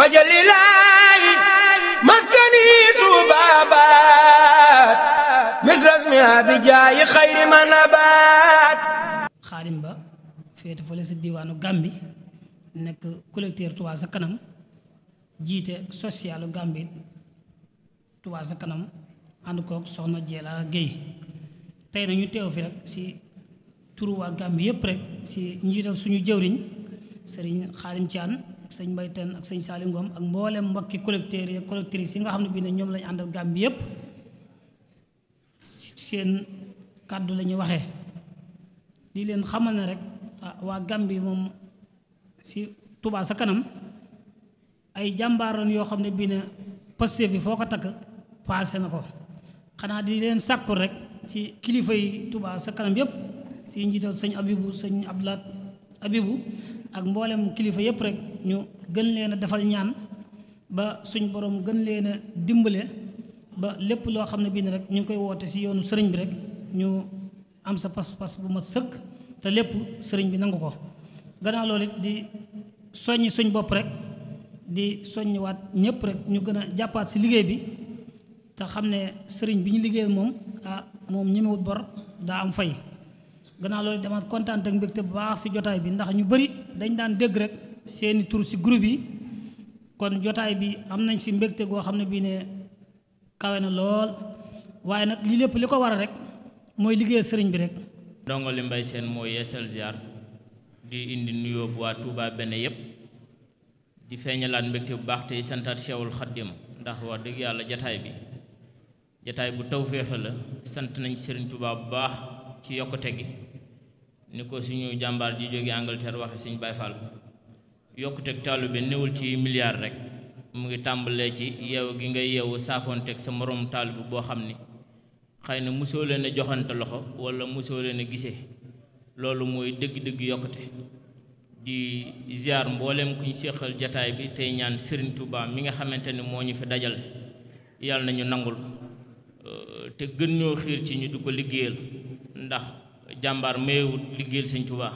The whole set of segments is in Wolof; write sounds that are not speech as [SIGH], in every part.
wajalilaayi maskani tubaabaat misras mi abijaayi xayri manabaat xaadim ba féete fële sa diwaanu Gàmbi nekk collecteur Touba sa kanam jiite socialu Gàmbi Touba sa kanam ànd kook soxna Jeela Géy tey na ñu teew fi rek si turu waa Gàmbi yépp rek si njiital suñu jëwriñ sëriñ xaalim Caan ak sëñ Mbaye Tène ak sëñ Saali Ngom ak mboolem mbokki collecteurs yi collectrices yi nga xam ne bii ne ñoom lañu àndal gàm bi yëpp seen kàddu la ñuy waxee di leen xamal ne rek ah, waa Gàmbi moom si Touba sa kanam ay jàmbaaroon yoo xam ne bii ne posté bi foo ko takk paase na ko xanaa di leen sàkku rek ci kilifay yi sa kanam yëpp si njiital sëñ Abibu sëñ Abdulaat Abibu ak mboolem kilifa yëpp rek ñu gën leen a defal ñaan ba suñ borom gën leen a dimbale ba lépp loo xam ne bii ne rek ñu ngi koy woote si yoonu sëriñ bi rek ñu am sa pas bu mat sëkk te lépp sëriñ bi nangu ko gannaaw di soññ suñ bopp rek di soññiwaat ñëpp rek ñu gën a jàppaat si liggéey bi te xam ne sëriñ bi ñu liggéeyal moom ah moom ñemewut bor daa am fay gannaaw loolu damaat kontaan ak mbégte bu baax si jotaay bi ndax ñu bëri dañ daan dégg rek seeni tur ci groupe yi kon jotaay bi am nañ si mbëgte goo xam ne bii ne kawe na lool waaye nag li lépp li ko war a rek mooy liggéey sëriñ bi rek ndongo li mbay seen mooy yeesal ziar di indi nuyoo bu waa Touba benn yépp di feeñalaat mbégte bu baax tey santaat Cheikhul Khadim ndax wax dëgg yàlla jataay bi jataay bu tawféexe la sant nañ sëriñ Touba bu baax ci yokkute gi ni ko suñu jàmbaar ji jóge Angleterre waxe suñu Baay yokkute yokkuteg taalu bi néewul ci milliard rek mu ngi tàmbalee ci yeew gi nga yeewu saafoonteeg sa moroom taalu bi boo xam ni xëy na mosoo leen a joxante loxo wala mosoo leen a gisee loolu mooy dëgg-dëgg yokkute di ziar mboolem ku ñu séqal jataay bi tey ñaan Serigne Touba mi nga xamante ni moo ñu fi dajale yàlla nañu nangul euh, te gën ñoo xiir ci ñu du ko liggéeyal ndax jàmbaar mayewut liggéeyal sëñ Tuubaa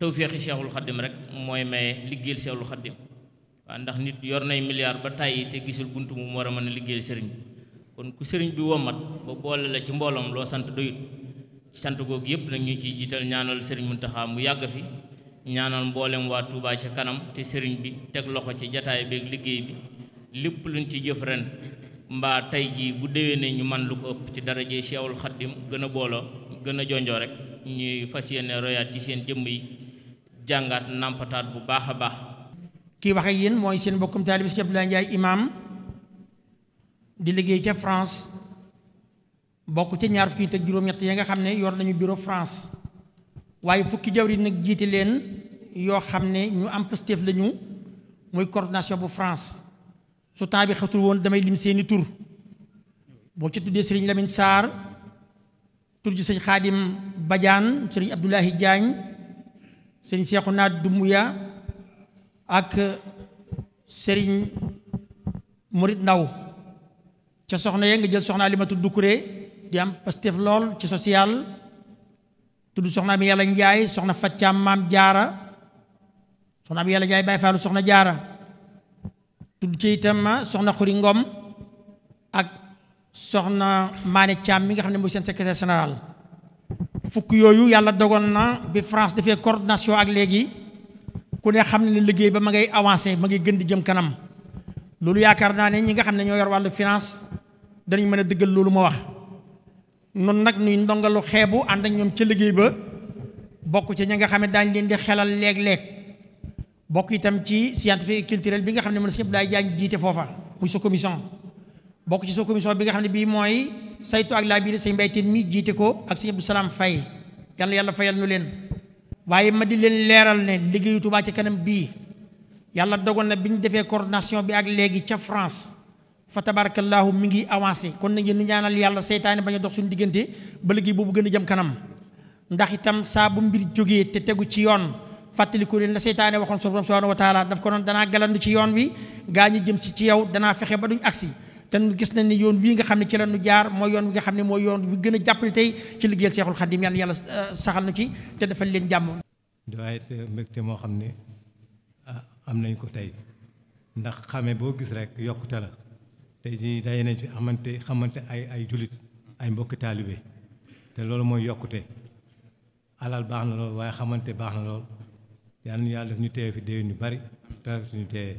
tawféexi Seexul Xaddim rek mooy maye liggéeyal Seexul Xaddim waaw ndax nit yor nay milliard ba tàyyi te gisul bunt mu war a mën a liggéeyal sëriñ kon ku sëriñ bi womat ba boole la ci mbooloom loo sant doyut sant googu yëpp nag ñu ci jiital ñaanal sëriñ Muntaxa mu yàgg fi ñaanal mboolem waa Touba ci kanam te sëriñ bi teg loxo ci jataay beeg liggéey bi lépp luñ ci jëf ren mbaa tey jii bu déwénee ñu man ci daraje Seexul Xaddim gën a jonjoo rek ñuy fas yéene royaat ci seen jëmm yi jàngaat nàmpataat bu baax a baax kii wax ak yéen mooy seen bokkum taalib si Abdoulaye Ndiaye imam di liggéey ca France bokk ca ñaar fukki teg juróom-ñett ya nga xam ne yor nañu bureau France waaye fukki jawriñ nag jiite leen yoo xam ne ñu am Pastef lañu mooy coordination bu France su temps bi xatul woon damay lim seeni tur boo ci tuddee Serigne Lamine Sarr tur ji sëñ xaadim bajaan sëriñ abdoulahi jaañ sëriñ seexuna dumbuya ak sëriñ murit ndaw ca soxna ya nga jël soxna alimatu dukkure di am pastef lool ci social tudd soxna am yàlla njaay soxna faccaam maam jaara soxna am yàlla njaay bàyyi faalu soxna jaara tudd ci itam soxna xuri ngom ak soxna maane Thiam mi nga xam ne mooy seen secrétaire général fukk yooyu yàlla dogoon na bi France defee coordination ak léegi ku ne xam ne liggéey ba ma ngay avancé ma ngay gën di jëm kanam loolu yaakaar naa ne ñi nga xam ne ñoo yor wàllu finance danañ mën a dëggal loolu ma wax noonu nag nuy ndongalu xeebu ànd ak ñoom ca liggéey ba bokk ci ñi nga xam ne daañ leen di xelal léeg-léeg bokk itam ci scientifique culturel bi nga xam ne mën si ñëpp daay jaañ jiite foofa bokk ci soo commission bi nga xam ne bii mooy saytu ak laa biir say Mbay Tine mi jiite ko ak sëñ Abdou Salaam Faye yàlla yàlla fayal nu leen waaye ma di leen leeral ne liggéeyu Touba ci kanam bii yàlla dogal na bi ñu defee coordination bi ak léegi ca France fa tabarakallahu mi ngi avancé kon na ngeen ñaanal yàlla seytaane ba a dox suñu diggante ba liggéey boobu gën a jëm kanam ndax itam saa bu mbir jógee te tegu ci yoon fàttaliku leen la seytaane waxoon suñu borom subhanahu wa taala daf ko noon danaa galandu ci yoon wi gaa ñi jëm si ci yow danaa fexe ba duñ agsi te gis nañ ni yoon bii nga xam ne ci la jaar mooy yoon bi nga xam ne mooy yoon bi gën a jàppale tey ci liggéeyal Seexul Xadim yàlla yàlla euh, saxal na ci te defal leen jàmm. waaye te mbégte moo xam ne ah, am nañ ko tey ndax xame boo gis rek yokkute la tey jii day nañ fi xamante xamante ay ay jullit ay mbokki taalibe te loolu mooy yokkute alal baax na lool waaye xamante baax na lool yal na yàlla def ñu teewe fi déwén ñu bari te ñu teewe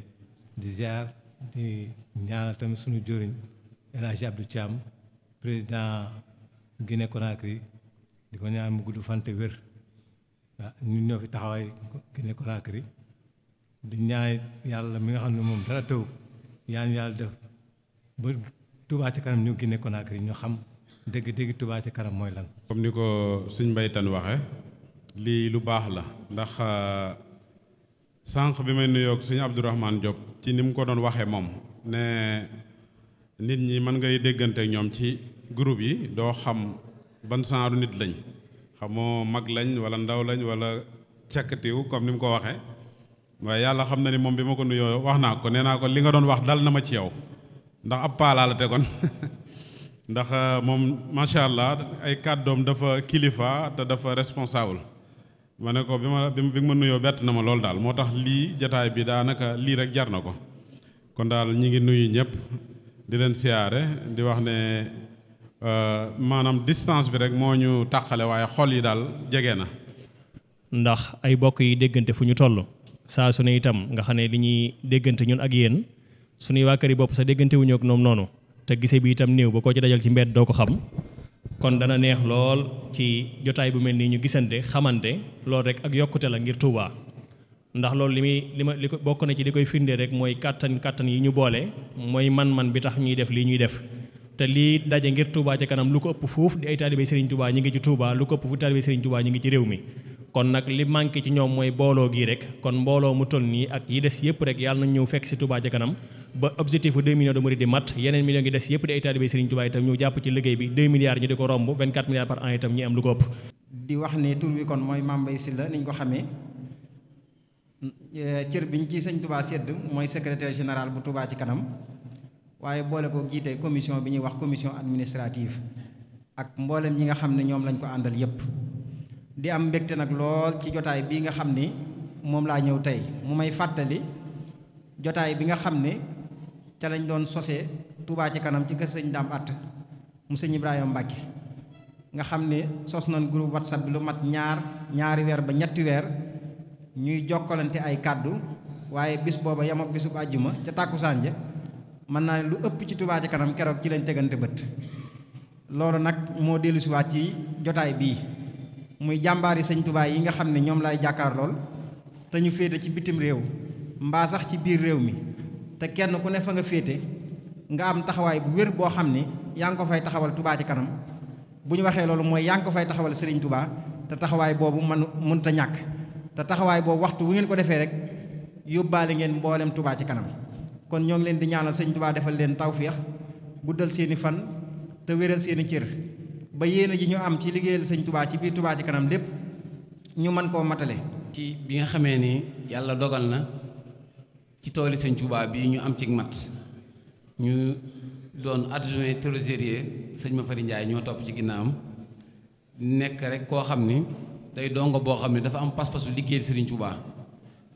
di ziar. di ñaanal tamit suñu jëriñ El Hadj Abdou Thiam président Guinée Conakry di ko ñaan mu gudd fante wér waaw ñun ñoo fi taxawaay Guinée Conakry di ñaay yàlla mi nga xam ne moom dara tëw yaan yàlla def ba Touba ci kanam ñu Guinée Conakry ñu xam dégg dégg Touba ci kanam mooy lan. comme ni ko suñ mbaytan waxe lii lu baax la ndax euh, sanq bi may nuyoog suñu Abdourahmane Diop. ci ni mu ko doon waxee moom ne nit ñi mën ngay déggante ñoom ci groupe yi doo xam ban genre nit lañ xamoo mag lañ wala ndaw lañ wala cakkatiw comme ni mu ko waxee waaye yàlla xam na ni moom bi ma ko nuyoo wax naa ko nee naa ko li nga doon wax dal na ma ci yow ndax ab paalaa la tegoon [LAUGHS] ndax euh, moom macha allah ay kàddoom dafa kilifa te dafa responsable ma ne ko bi ma bi nga ma nuyoo bett na ma lool daal moo tax lii jataay bi daanaka lii rek jar na ko kon daal ñi ngi nuyu ñëpp di leen siyaare di wax ne euh, maanaam distance bi rek moo ñu taqale waaye xol yi daal jege na. ndax ay bokk yi déggante fu ñu toll. saa su ne itam nga xam ne li ñuy déggante ñun ak yéen su waa kër yi bopp sa déggante wuñu ak noonu te gise bi itam néew ba koo ci dajal ci mbedd doo ko xam kon dana neex lool ci jotaay bu mel nii ñu gisante xamante loolu rek ak yokkute la ngir Touba ndax loolu li muy li ma li ko bokk na ci li koy firndee rek mooy kàttan kàttan yi ñu boole mooy man-man bi tax ñuy def lii ñuy def te lii daje ngir Touba ca kanam lu ko ëpp foofu di ay taalibe Serigne Touba ñi ngi ci Touba lu ko ëpp fuuf taalibe Serigne Touba ñi ngi ci réew mi kon nag li manqué ci ñoom mooy booloo gii rek kon mbooloo mu toll nii ak yi des yëpp rek yàlla nañ ñëw fekk si Touba ca kanam ba objectif bu millions de murid di mat yeneen millions ngi des yëpp di ay taalibe Serigne Touba itam ñu jàpp ci liggéey bi 2 milliards ñu di ko romb 24 milliards par wax ne tur wi kon mooy Mame Mbaye Sylla niñ ko xamee cër biñ ci sëñ Touba sedd mooy secrétaire général bu Touba ci kanam waaye boole ko jiite commission bi ñuy wax commission administrative ak mboolem ñi nga xam ne ñoom lañu ko àndal yépp di am mbegte nag lool ci jotaay bii nga xam ni moom laa ñëw tey mu may fàttali jotaay bi nga xam ne ca lañ doon sosee Touba ci kanam ci gës sëñ Dame Atta mu sëñ Ibrahima Mbacke nga xam ni sos nañ groupe whatsapp bi lu mat ñaar ñaari weer ba ñetti weer ñuy jokkalante ay kàddu waaye bis booba yam ak bisub àjjuma ca tàkkusaan ja mën naa ne lu ëpp ci tubaa ci Kanam keroog ci lañ tegante bët loolu nag moo dellusiwaat ci jotaay bii muy jàmbaari sëñ Touba yi nga xam ni ñoom laay jàkkaar lool te ñu féete ci bitim réew mbaa sax ci biir réew mi te kenn ku ne fa nga féete nga am taxawaay bu wér boo xam ni yaa ngi ko fay taxawal tubaa ci Kanam bu ñu waxee loolu mooy yaa ngi ko fay taxawal Serigne tubaa te taxawaay boobu man mënut ñàkk te taxawaay boobu waxtu wu ngeen ko defee rek yóbbaale ngeen mboolem Touba Ca Kanam kon ñoo ngi leen di ñaanal sëñ tubaa defal leen tawféex guddal seeni fan te wéral seeni cër ba yéene ji ñu am ci liggéeyal sëñ tubaa ci biir Tuubaa kanam lépp ñu man koo matale. ci bi nga xamee ni yàlla dogal na ci tooli sëñ Tuubaa bii ñu am ci mat ñu doon adjoint trésorier sëñ Ma Fari Ndiaye ñoo topp ci ginnaawam nekk rek koo xam ni tey dongo boo xam ne dafa am pas-pasu liggéeyal sëriñ Tuubaa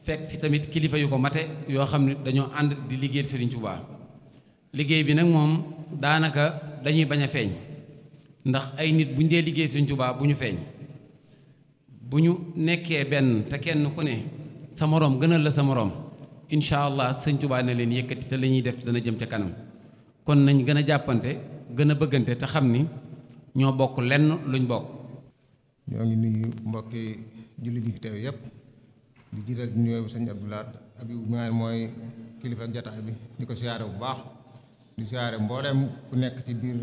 fekk fi tamit kilifa yu ko mate yoo xam ne dañoo ànd di liggéeyal Serigne Touba liggéey bi nag moom daanaka dañuy bañ a feeñ ndax ay nit bu ñu dee liggéey Serigne Touba bu ñu feeñ bu ñu nekkee benn te kenn ku ne sa moroom gënal la sa moroom incha allah Serigne Touba leen yëkkati te la def dana jëm ca kanam kon nañ gën a jàppante gën a bëggante te xam ni ñoo bokk lenn luñ bokk. ñoo ngi nuyu mbokki jullit yi teew yépp di jiital nuyoo bi sëñ Abdou Lahad ab yi mi mooy kilifa jataay bi di ko siyaare bu baax di siyaare mbooleem ku nekk ci biir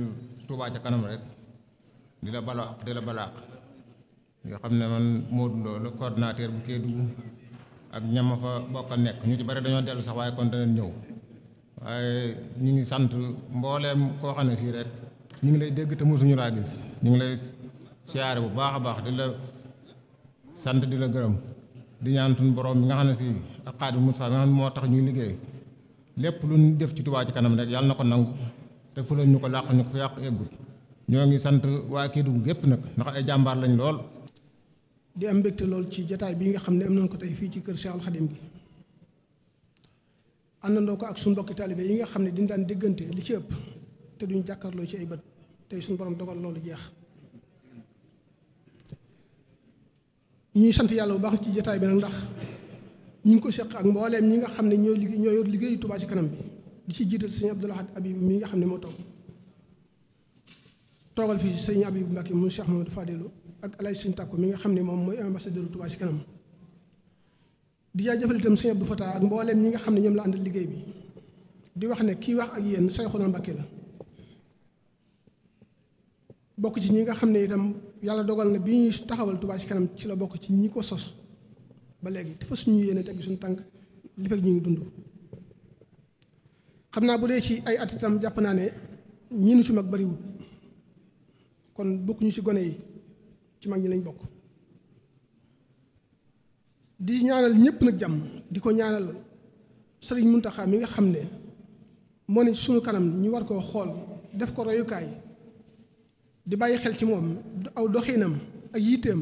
Touba ca kanam rek di la bala di la balaax yoo xam ne man Modou Lo la coordonnateur bu Kédougou ak ñama fa bokk nekk ñu ci bari dañoo dellu sax waaye kon danañ ñëw waaye ñu ngi sant mbooleem koo xam ne sii rek ñu ngi lay dégg te suñu laa gis ñu ngi lay siyaare bu baax a baax di la sant di la gërëm di ñaan suñu borom mi nga xam ne si ak xaadi Moussa mi nga xam ne moo tax ñuy liggéey lépp lu ñu def ci Touba ci kanam rek yàlla na ko nangu te fulal ñu ko làq ñu ko fa yàqu eggut ñoo ngi sant waa Kédougou gépp nag ndax ay jàmbaar lañ lool. di am mbégte lool ci jataay bi nga xam ne am nañ ko tey fii ci kër Cheikhoul Khadim bi àndandoo ko ak su mbokki taalibe yi nga xam ne dañ daan déggante li ci ëpp te duñ jàkkaarloo ci ay bët tey suñu borom dogal loolu jeex. ñuy sant yàlla bu baax ci jotaay bi ndax ñu ngi ko seq ak mbooleem ñi nga xam ne ñoo liggéey ñoo yor liggéeyu Touba ci kanam bi di ci jiital sëñ Abdoul Ahad Habib mi nga xam ne moo toog toogal fii sëñ Habib Mbacke mu Cheikh Mamadou Fadilou ak El Hadj Sëñ mi nga xam ne moom mooy ambassadeur Touba ci kanam di jaajëfal itam sëñ Abdou Fata ak mbooleem ñi nga xam ne ñoom la àndal liggéey bi di wax ne kii wax ak yéen Cheikhouna Mbacke la bokk ci ñi nga xam ne itam. yàlla dogal na bi ñuy taxawal Touba ci kanam ci la bokk ci ñi ko sos ba léegi te fa suñu yéene teg suñu tànk li fekk ñu ngi dund xam naa bu dee ci ay at itam jàpp naa ne ñi nu ci mag bariwul kon bokk ñu ci gone yi ci mag ñi lañ bokk di ñaanal ñëpp nag jàmm di ko ñaanal sëriñ Muntaxa mi nga xam ne moo ne suñu kanam ñu war koo xool def ko royukaay di bàyyi xel ci moom aw doxiinam ak yitteem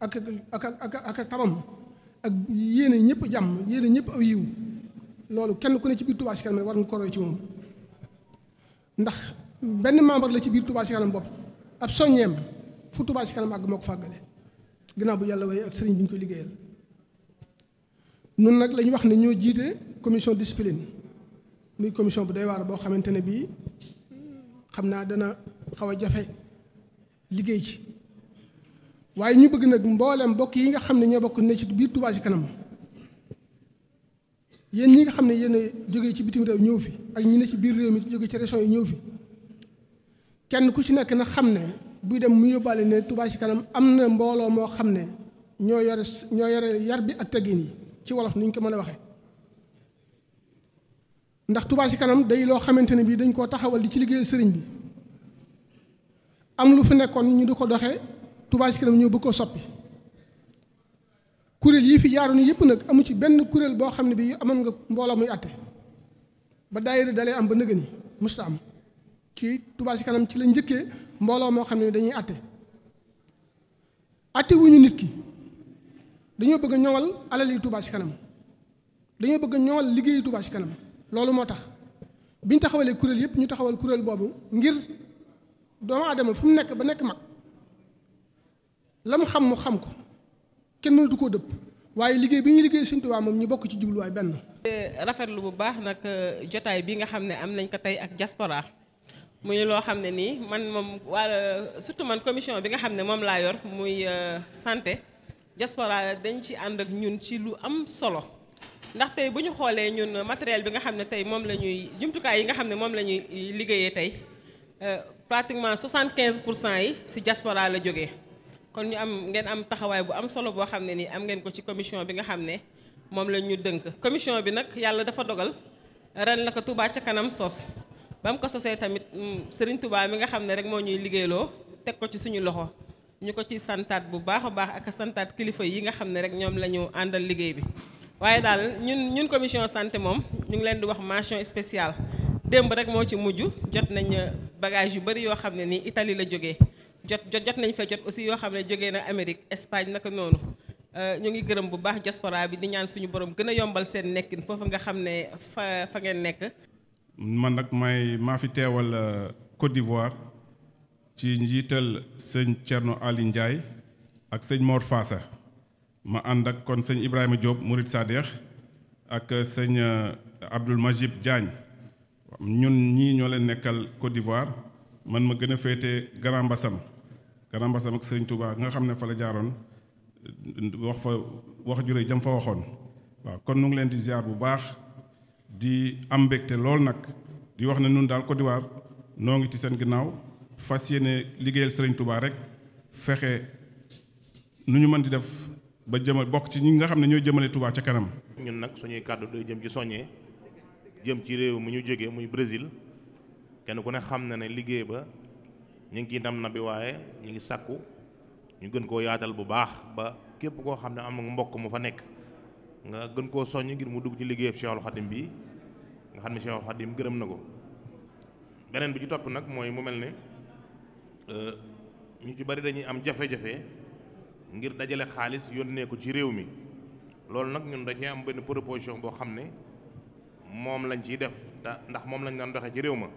ak ak ak ak tabam ak yéene ñëpp jàmm yéene ñëpp aw yiw loolu kenn ku ne ci biir Touba Ca Kanam war nga ko roy ci moom ndax benn membre la ci biir Touba Ca Kanam bopp ab soññeem fu Touba Ca Kanam àgg moo ko fàggale ginnaaw bu yàlla waaye ak sëriñ bi ñu ko liggéeyal nun nag la wax ne ñoo jiite commission discipline muy commission bu doy waar boo xamante ne bii xam naa dana xaw a jafe liggéey ci waaye ñu bëgg nag mbooleem mbokk yi nga xam ne ñoo bokk ne ci biir Touba ci kanam yéen ñi nga xam ne yéen jóge ci bitim réew ñëw fi ak ñi ne ci biir réew mi jóge ci région yi ñëw fi kenn ku ci nekk na xam ne buy dem mu yóbbaale ne Touba ci kanam am na mbooloo moo xam ne ñoo yore ñoo yore yar bi ak teggin yi ci wolof ni ñu ko mën a waxee ndax Touba ci kanam day loo xamante ne bii dañ koo taxawal di ci liggéeyal sëriñ bi am lu fi nekkoon ñu di ko doxee Touba ci kanam ñoo bëgg koo soppi kuréel yi fi jaaroon yëpp nag amu ci benn kuréel boo xam ne bi amoon nga mbooloo muy àtte ba daayira dalee am ba nëgën yi musta am ci Touba ci kanam ci la njëkkee mbooloo moo xam ne dañuy àtte àtte nit ki dañoo bëgg a ñoŋal alal yi Touba ci kanam dañoo bëgg a ñoŋal liggéeyu Touba ci kanam loolu moo tax bi ñu taxawalee kuréel yëpp ñu taxawal kuréel boobu ngir. doomu aadama fu mu nekk ba nekk mag la mu xam mu xam ko kenn du ko dëpp waaye liggéey bi ñuy liggéey Sëñ Tuubaa moom ñu bokk ci jubluwaay benn. rafetlu bu baax nag euh, jotaay bi nga xam ne am nañ ko tey ak mu muy loo xam ne nii man moom waa euh, surtout man commission bi nga xam ne moom laa yor muy euh, santé diaspora dañ ci ànd ak ñun ci lu am solo ndax bu ñu xoolee ñun matériel bi nga xam ne tey moom la ñuy jumtukaay yi nga xam ne moom la ñuy liggéeyee tey pratiquement 75 pour cent yi ci diaspora la jógee kon ñu am ngeen am taxawaay bu am solo boo xam ne nii am ngeen ko ci commission bi nga xam ne moom la ñu dënk commission bi nag yàlla dafa dogal ren la ko Touba ca kanam sos ba mu ko sosee tamit mm, seriñ tubaab bi nga xam ne rek moo ñuy liggéeyloo teg ko ci suñu loxo ñu ko ci santaat bu baax a baax ak santaat kilifa yi nga xam ne rek ñoom la ñu àndal liggéey bi waaye daal ñun ñun commission moom ñu ngi leen di wax mention spéciale démb rek moo ci mujj jot nañ euh, bagage yu bari yoo xam ne nii itali la jógee jot jot jot nañ fa jot aussi yoo xam ne jógee na Amérique Espagne naka noonu euh, ñu ngi gërëm bu baax diaspora bi di ñaan suñu borom gën a yombal seen nekkin foofu nga xam ne fa fa ngeen nekk. man nag may maa fi teewal euh, Côte d'Ivoire ci njiital sëñ Thierno Ali Ndiaye ak sëñ Mor Faasa ma ànd ak kon sëñ Ibrahima Diop Mourid Sadikh ak sëñ Abdoul Majib Diagne. ñun ñii ñoo leen nekkal Côte d'Ivoire man ma gën a féete Grand Bassam Grand Bassam ak Sëñ tubaa nga xam ne fa la jaaroon wax fa wax jure jëm fa waxoon waaw kon nu ngi leen di ziar bu baax di am mbégte lool nag di wax ne nun daal Côte d'Ivoire noo ngi ci seen ginnaaw fas yéene liggéeyal Sëriñ tubaa rek fexe lu ñu mën di def ba jëmal bokk ci ñi nga xam ne ñoo jëmale tubaa ca kanam. ñun nag suñuy kàddu day jëm ci soññee. jëm ci réew mi ñu jóge muy Brésil kenn ku ne xam na ne liggéey ba ñu ngi ciy ndam na bi waaye ñu ngi sàkku ñu gën koo yaatal bu baax ba képp koo xam ne am na mbokk mu fa nekk nga gën koo soññ ngir mu dugg ci liggéeyab Cheikhul Khadim bi nga xam ne Cheikhul Khadim gërëm na ko beneen bi ci topp nag mooy mu mel ne euh, ñu ci bari dañuy am jafe-jafe ngir dajale xaalis yónnee ko ci réew mi loolu nag ñun dañuy am benn proposition boo xam ne moom lañ ciy def ndax moom lañ daan doxe ci réew ma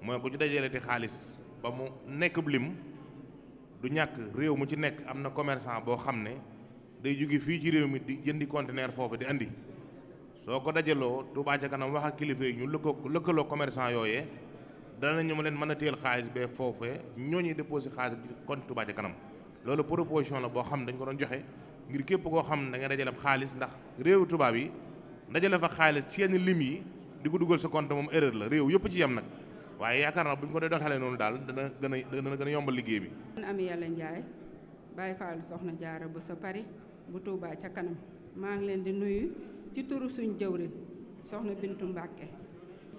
mooy ku ci dajale ti xaalis ba mu nekk lim du ñàkk réew mu ci nekk am na commerçant boo xam ne day jóge fii ci réew mi di jëndi conteneur foofu di indi soo ko dajaloo Touba ca kanam wax ak kilifa yi ñu lëkkoo lëkkaloo commerçant yooyee danañu ma leen mën a téyel xaalis bee foofee ñooñu déposé xaalis bi ci compte Touba ca kanam loolu proposition la boo xam ne dañ ko doon joxe ngir képp koo xam ne da dajale xaalis ndax réewu tubaab yi dajale fa xaalis ci yenn lim yi di ko dugal sa compte moom erreur la réew yëpp ci yem nag waaye yaakaar naa bu ñu ko dee doxalee noonu daal dana gën a dana gën a yombal liggéey bi. man Amy Yalla Ndiaye Baye Fallou Soxna Jaara bu sa Paris bu Touba ca kanam maa ngi leen di nuyu ci turu suñ jëwrin soxna Bintu Mbàkke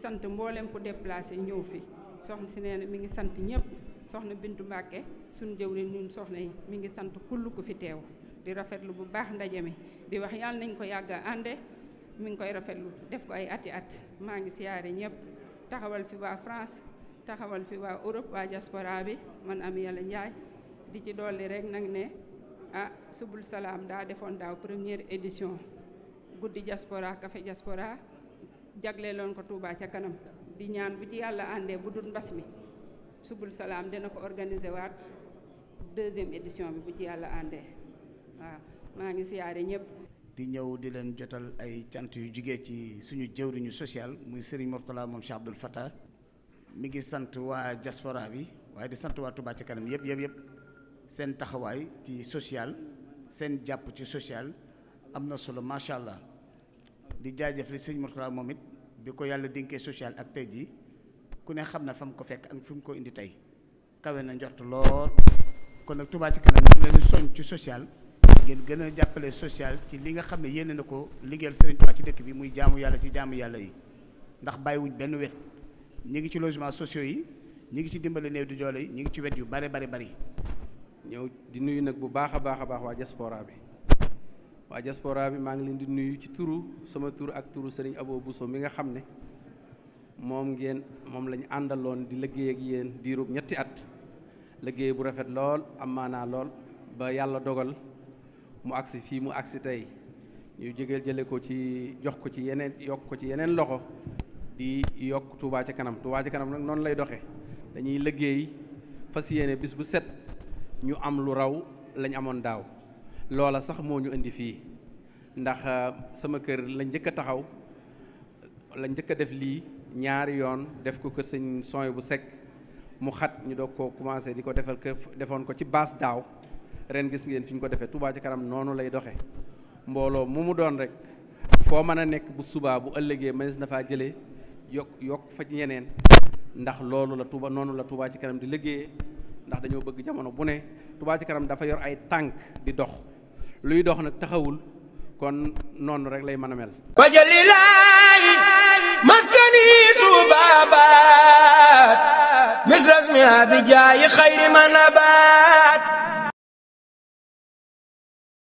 sant mboolem ku déplacé ñëw fi soxna si nee na mi ngi sant ñëpp soxna Bintu Mbàkke suñ jëwrin ñun soxna yi mi ngi sant kull ku fi teew di rafetlu bu baax ndaje mi mi ngi koy rafetlu def ko ay ati at maa ngi siyaare ñëpp taxawal fi waa France taxawal fi waa Europe waa diaspora bi man am yàlla njaay di ci dolli rek nag ne ah subul salaam daa defoon daaw première édition guddi diaspora kafe diaspora jagleeloon ko Touba ca kanam di ñaan bu ci yàlla àndee bu dul mbas mi subul salaam dina ko organiser waat deuxième édition bi bu ci yàlla àndee waaw maa ngi siyaare ñëpp di ñëw di leen jotal ay cant yu jugee ci suñu jëwriñu social muy Serigne Mourtala moom Cheikh Abdoul Fattah mi ngi sant waa diaspora bi waaye di sant waa Touba ci kanam yëpp yëpp yëpp seen taxawaay ci social seen jàpp ci social am na solo macha allah di jaajëfal Serigne Mourtala moom it bi ko yàlla dénkee sociale ak tey ji ku ne xam na fa mu ko fekk ak fi mu ko indi tey kawe na njort lool kon nag Touba ci kanam ñu soñ ci social. ngeen gën a jàppale social ci li nga xam ne yéene na ko liggéeyal Serigne Touba ci dëkk bi muy jaamu yàlla ci jaamu yàlla yi ndax bàyyiwuñ benn wet ñu ngi ci logement sociaux yi ñu ngi ci dimbali néew di doole yi ñi ngi ci wet yu bare bari bari ñëw di nuyu nag bu baax a baax a baax waa diaspora bi waa diaspora bi maa ngi leen di nuyu ci turu sama tur ak turu Serigne bu Bousso mi nga xam ne moom ngeen moom lañu àndaloon di liggéey ak yéen diirub ñetti at liggéey bu rafet lool am lool yàlla dogal mu agsi fii mu agsi tey ñu jégeel jële ko ci jox ko ci yeneen yokk ko ci yeneen loxo di yokk Touba ca kanam Touba ci kanam nag noonu lay doxee dañuy liggéey fas yéene bis bu set ñu am lu raw lañ amoon daaw loola sax moo ñu indi fii ndax euh, sama kër lañ njëkk a taxaw lañ njëkk a def lii ñaari yoon def ko kër sëñ sooy bu sekk mu xat ñu doog koo commencé di ko defal kër defoon ko ci baas daaw ren gis ngeen fi ñu ko defee Touba ci kanam noonu lay doxe mbooloo mu mu doon rek foo mën a nekk bu subaa bu ëllëgee mënees na faa jëlee yokk yokk fa ci ñeneen ndax loolu la Touba noonu la Touba ci kanam di liggéeyee ndax dañoo bëgg jamono bu ne Touba ci kanam dafa yor ay tànk di dox luy dox nag taxawul kon noonu rek lay mën a mel. wajalilaayi maskani Touba baat misras mi xayri man abaat